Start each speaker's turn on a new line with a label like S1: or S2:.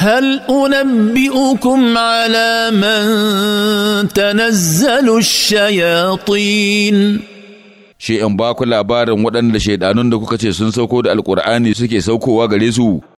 S1: هل انبئكم على من تنزل الشياطين
S2: شيئا باكو labarin waɗanda shaidanun da kuka ce sun sauko da alkur'ani suke saukowa gare su